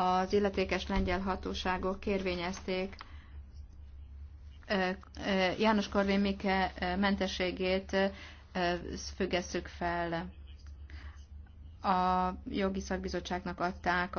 az illetékes lengyel hatóságok kérvényezték János Korvin Mike mentességét függesszük fel. A jogi szakbizottságnak adták